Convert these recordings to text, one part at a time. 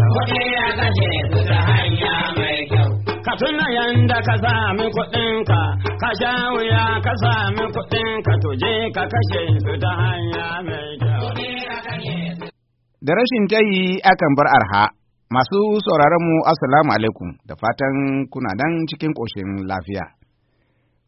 Kuɗi ya kashe su hanya mai kyau. Ka tuna yanda ka sami kuɗinka, ka sha wuya ka sami kuɗinka tuje ka kashe su ta hanya mai kyau. Da rashin tayi akan bar arha. Masu sauraron mu Assalamu alaikum da fatan kuna nan cikin ƙoshin lafiya.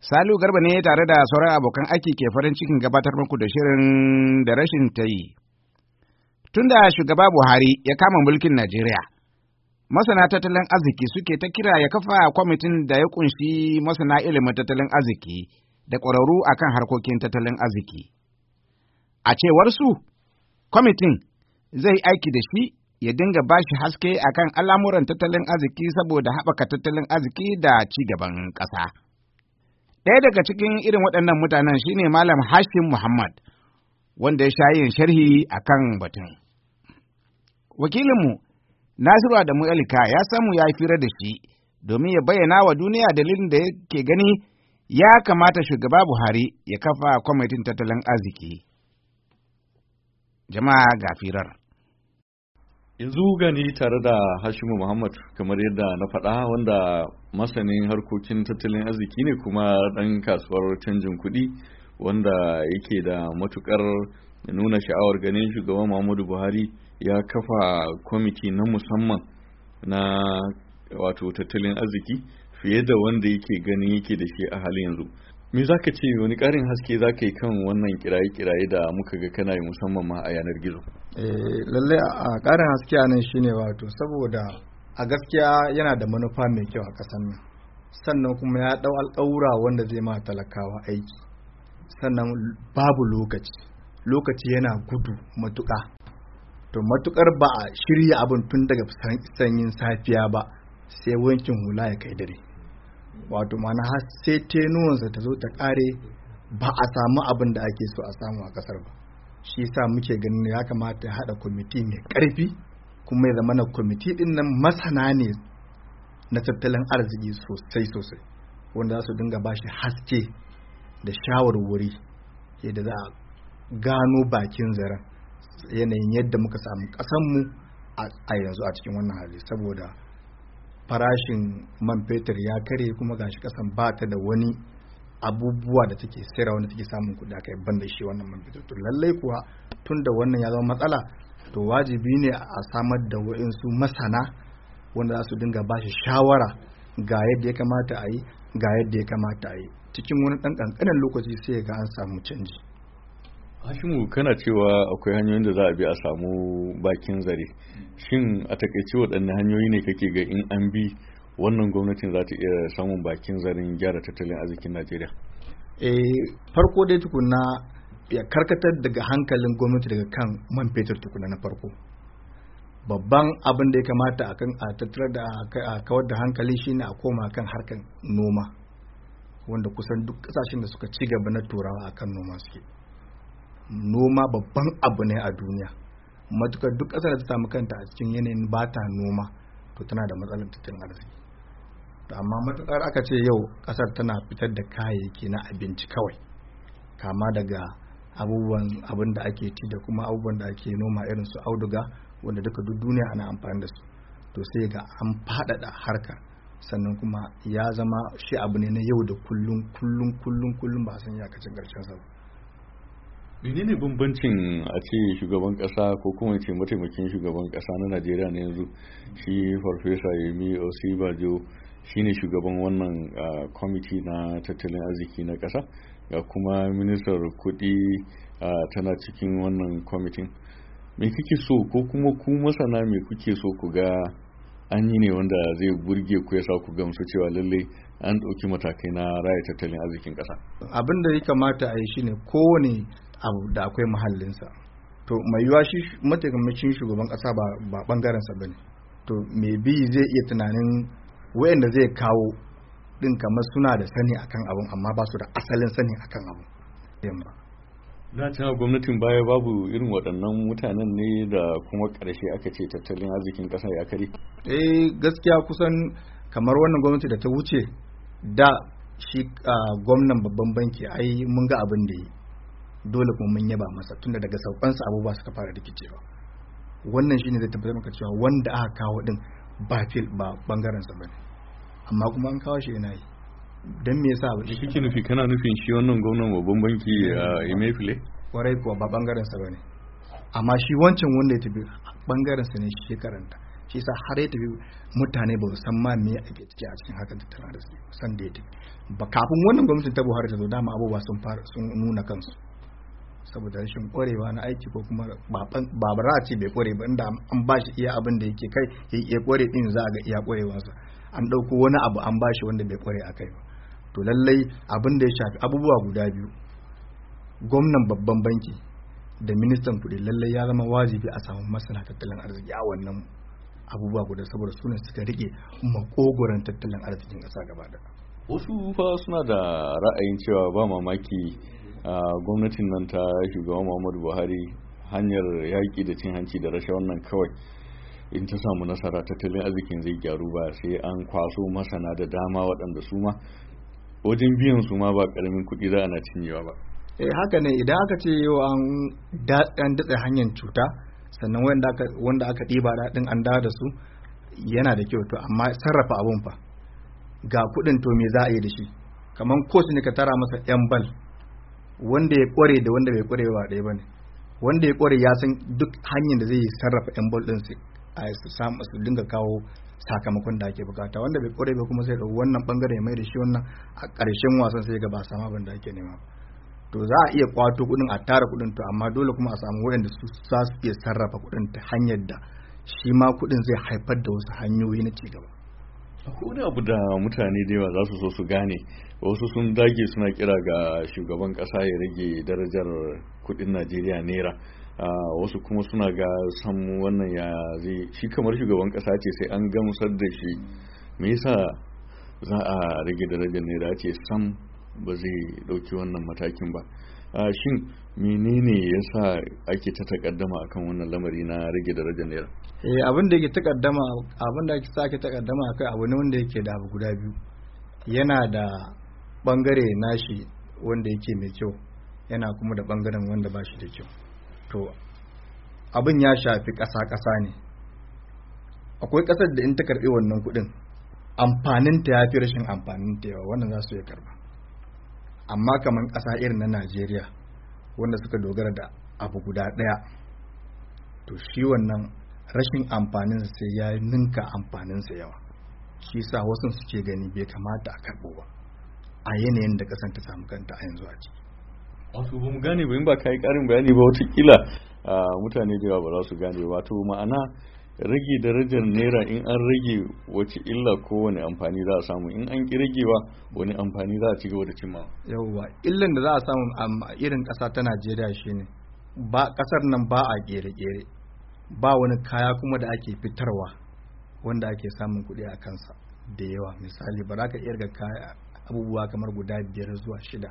Salu Garba ne tare da sauran abokan aiki ke farin cikin gabatar muku da shirin da rashin ta yi Tun da shugaba Buhari ya kama mulkin Najeriya, masana tattalin arziki suke ta kira ya kafa kwamitin da ya kunshi masana ilimin tattalin arziki da ƙwararru akan harkokin tattalin arziki. A cewar su, kwamitin zai aiki da shi ya dinga ba shi haske kan al'amuran tattalin arziki saboda haɓaka tattalin arziki da ci gaban ƙasa. Ɗaya daga cikin irin waɗannan mutanen shine Malam Hashim Muhammad, wanda ya sha yin sharhi akan batun. Wakilinmu Nasiru Adamu Elika ya samu ya fira da shi domin ya bayyana wa duniya dalilin da yake gani ya kamata shugaba Buhari ya kafa kwamitin tattalin arziki. Jama'a ga firar. yanzu gani tare da hashimu muhammad kamar yadda na faɗa wanda masanin harkokin tattalin arziki ne kuma ɗan kasuwar canjin kuɗi wanda yake da matukar nuna sha'awar ganin shugaban muhammadu buhari ya kafa kwamiti na musamman na wato tattalin arziki fiye da wanda yake ganin yake da shi a halin yanzu me za ka ce wani ƙarin haske za ka yi kan wannan kiraye-kiraye da muka ga kana yi musamman ma a yanar gizo eh, lallai a ƙarin haske nan shine wato saboda a gaskiya yana da manufa mai kyau a ƙasar nan sannan kuma ya ɗau alƙawura wanda zai ma talakawa aiki sannan babu lokaci lokaci yana gudu matuƙa to matukar ba a shirya abin tun daga sanyin safiya ba sai wankin hula ya kai dare wato mana har sai tenuwansa ta zo ta kare ba a samu abin da ake so a samu a kasar ba shi sa muke ganin ya kamata ya haɗa kwamiti mai karfi kuma ya zama na kwamiti ɗin nan masana ne na tattalin arziki sosai sosai wanda za su dinga ba shi haske da shawarwari yadda za a gano bakin zaren yanayin yadda muka samu kasanmu a yanzu a cikin wannan hali saboda farashin man fetur ya kare kuma gashi kasan ba ta da wani abubuwa da take sera wanda take samun kuɗi kai ban da shi wannan man fetur to lallai kuwa tun da wannan ya zama matsala to wajibi ne a samar da waɗansu masana wanda za su dinga ba shi shawara ga yadda ya kamata a yi ga yadda ya kamata a yi cikin wani ɗan ƙanƙanin lokaci sai ga an samu canji Hashimu kana cewa akwai hanyoyin da za a bi a samu bakin zare. Shin a takaice waɗanne hanyoyi ne kake ga in an bi wannan gwamnatin za ta iya samun bakin zaren gyara tattalin arzikin Najeriya? Eh farko dai tukuna ya karkatar daga hankalin gwamnati daga kan man fetur tukuna na farko. Babban abin da ya kamata a tattara da a kawar da hankali shine a koma kan harkar noma wanda kusan duk kasashen da suka ci gaba na turawa akan noma suke. noma babban abu ne a duniya matukar duk ƙasar da ta samu kanta a cikin yanayin ba ta noma to tana da matsalar tattalin arziki To amma matukar aka ce yau ƙasar tana fitar da kayayyaki na abinci kawai kama daga abubuwan abin da ake ci da kuma abubuwan da ake noma irin su auduga wanda duka duk duniya ana amfani da su to sai ga an faɗaɗa harkar sannan kuma ya zama shi abu ne na yau da kullum kullum kullum kullum ba san iyakacin ƙarshen sa ba menene bambancin a ce shugaban kasa ko kuma ce mataimakin shugaban kasa na najeriya na yanzu shi farfesa yemi osibajo shine shugaban wannan kwamiti na tattalin arziki na kasa ga kuma ministar kudi tana cikin wannan kwamitin me kike so ko kuma ku masana me kuke so ku ga an yi ne wanda zai burge ku ya sa ku gamsu cewa lallai an ɗauki matakai na raya tattalin arzikin ƙasa. abin da ya kamata a yi shine kowane abu da akwai muhallinsa to mai yiwuwa shi matakamacin shugaban kasa ba bangarensa ba ne to me bi zai iya tunanin wayanda zai kawo din kamar suna da sani akan abun amma ba su da asalin sani akan abun yamma na cewa gwamnatin baya babu irin waɗannan mutanen ne da kuma ƙarshe aka ce tattalin arzikin ƙasa ya kare eh gaskiya kusan kamar wannan gwamnati da ta wuce da shi ah, gwamnan babban banki ai mun ga abin da yi dole kuma mun yaba masa tunda daga saukansa abubuwa suka fara rikicewa wannan shine zai tabbatar maka cewa wanda aka kawo din ba fil ba bangaren sa bane amma kuma an kawo shi yana yi dan me yasa shi kike nufi kana nufin shi wannan gwamnatin babban banki a eh, Imefile warai kuwa ba bangaren sa bane amma shi wancan wanda ya tafi bangaren sa ne shi ke karanta shi yasa har ya tafi mutane ba su san ma me ake ciki a cikin hakan tattalin arziki san da ya tabi ba kafin wannan gwamnatin ta Buhari ta zo dama abubuwa sun fara sun nuna kansu saboda rashin kwarewa na aiki ko kuma ba ba a ce bai kware ba inda an ba shi iya abin da yake kai ya iya kware din za a ga iya ƙwarewarsa an ɗauko wani abu an ba shi wanda bai kware a kai ba to lallai abin da ya shafi abubuwa guda biyu gwamnan babban banki da ministan kuɗi lallai ya zama wajibi a samu masana tattalin arziki a wannan abubuwa guda saboda sunan suka rike makogoron tattalin arzikin ƙasa gaba da wasu fa suna da ra'ayin cewa ba mamaki gwamnatin nan ta shugaba muhammadu buhari hanyar yaƙi da cin hanci da rashe wannan kawai in ta samu nasara tattalin arzikin zai gyaru ba sai an kwaso masana da dama waɗanda su ma wajen biyan su ma ba ƙaramin kuɗi za cin cinyewa ba eh haka ne idan aka ce yau an datse hanyar cuta sannan wanda aka ɗiba daɗin an da su yana da kyau to amma sarrafa abun fa ga kuɗin to me za a yi da shi kamar su ne ka tara masa yan bal wanda ya kware da wanda bai kware ba ɗaya bane wanda ya kware ya san duk hanyar da zai sarrafa yan bol din su a samu su dinga kawo sakamakon da ake bukata wanda bai kware ba kuma sai da wannan bangare mai da shi wannan a ƙarshen wasan sai ga ba sama ban da ake nema to za a iya kwato kuɗin a tara kuɗin to amma dole kuma a samu wayanda su za su iya sarrafa kuɗin ta hanyar da shi ma kuɗin zai haifar da wasu hanyoyi na cigaba akwai wani abu da mutane da yawa za su so su gane wasu sun dage suna kira ga shugaban kasa ya rage darajar kudin najeriya naira ah, wasu kuma suna ga san wannan ya zai shi kamar shugaban kasa ce sai an gamsar da shi me yasa za a rage darajar naira ce sam ba zai dauki wannan matakin ba ah, shin menene yasa ake ta takaddama akan wannan lamari na rage darajar naira eh abin da yake takaddama abin da sake takaddama kai abu ne wanda yake da abu guda biyu yana da bangare nashi wanda yake mai kyau yana kuma da bangaren wanda ba shi da kyau to abin ya shafi ƙasa ƙasa ne akwai ƙasar da in ta karɓi wannan kuɗin amfaninta ya fi rashin amfaninta yawa wannan za su iya karɓa amma kamar ƙasa irin na najeriya wanda suka dogara da abu guda ɗaya to shi wannan rashin amfaninsa sai ya ninka amfaninsa yawa shi sa wasu suke gani bai kamata a karɓo ba a yanayin da kasan ta samu kanta a yanzu a ciki wato ba mu gane ba in ba ka yi ƙarin bayani ba watakila mutane da yawa ba za su gane ba to ma'ana rage darajar naira in an rage wace illa ko wani amfani za a samu in an ki ragewa wani amfani za a ci gaba da cimma yawwa illan da za a samu a irin ƙasa ta najeriya shine ba ƙasar nan ba a ƙere-ƙere ba wani kaya kuma da ake fitarwa wanda ake samun kuɗi a kansa da yawa misali ba za ka iya ga kaya abubuwa kamar guda biyar zuwa shida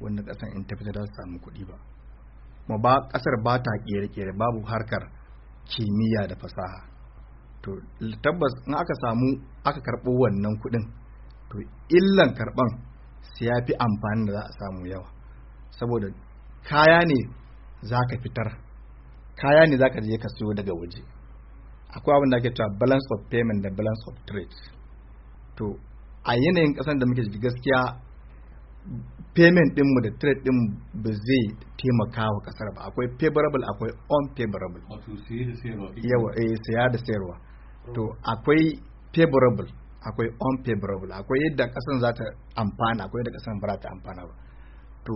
wanda ƙasar in tafi fita za su samu kuɗi ba kuma ba ƙasar ba ta ƙere-ƙere babu harkar kimiyya da fasaha to tabbas in aka samu aka karɓo wannan kuɗin to illan karɓan sai ya fi amfani da za a samu yawa saboda kaya ne za ka fitar kaya ne zaka je ka siyo daga waje akwai abin da ake cewa balance of payment da balance of trade to a yanayin kasar da muke ji gaskiya payment dinmu da trade din ba zai taimaka wa kasar ba akwai favorable akwai unfavorable yawa eh saya da sayarwa to akwai favorable akwai unfavorable akwai yadda kasan za ta amfana akwai yadda kasan ba za ta amfana ba to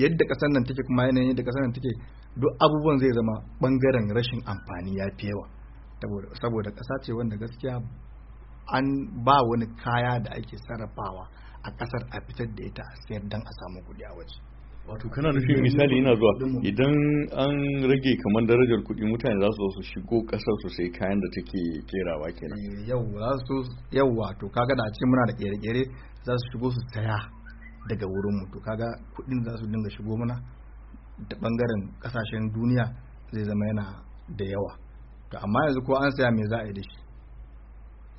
yadda kasan nan take kuma yanayin yadda kasan nan take duk abubuwan zai zama bangaren rashin amfani ya fi yawa saboda ƙasa ce wanda gaskiya an ba wani kaya da ake sarrafawa a ƙasar a fitar da ita a sayar don a samu kuɗi a waje wato kana nufin misali ina zuwa idan an rage kamar darajar kuɗi mutane za su su shigo ƙasar su sai kayan da take kerawa kenan eh, yau za su yau wato kaga da ce muna da kere-kere za su shigo su saya daga wurin mu to kaga kuɗin za su dinga shigo mana da bangaren kasashen duniya zai zama yana da yawa to amma yanzu ko an saya mai, za a yi da shi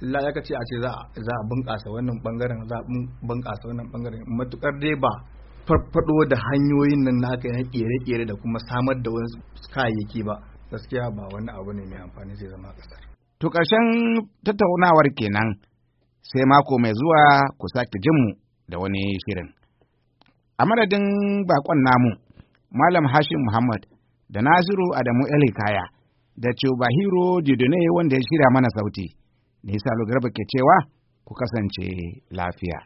illa ya kace a ce za a bunƙasa wannan bangaren za a bunƙasa wannan bangaren matukar dai ba farfado da hanyoyin nan na aka kere-kere da kuma samar da wani kayayyaki ba gaskiya ba wani abu ne mai amfani zai zama kasar. To ƙarshen tattaunawar kenan sai mako mai zuwa ku sake jinmu da wani shirin. A madadin bakon namu Malam Hashim Muhammad da Nasiru Adamu Elikaya da Cubahiro Didune wanda ya shirya mana sauti. salo Lugarba ke cewa ku kasance lafiya.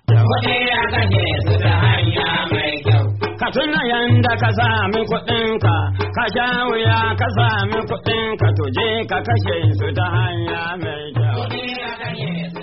Ka tuna yanda ka sami kuɗinka, ka sha wuya ka sami kuɗinka, to je ka kashe su ta hanya mai kyau.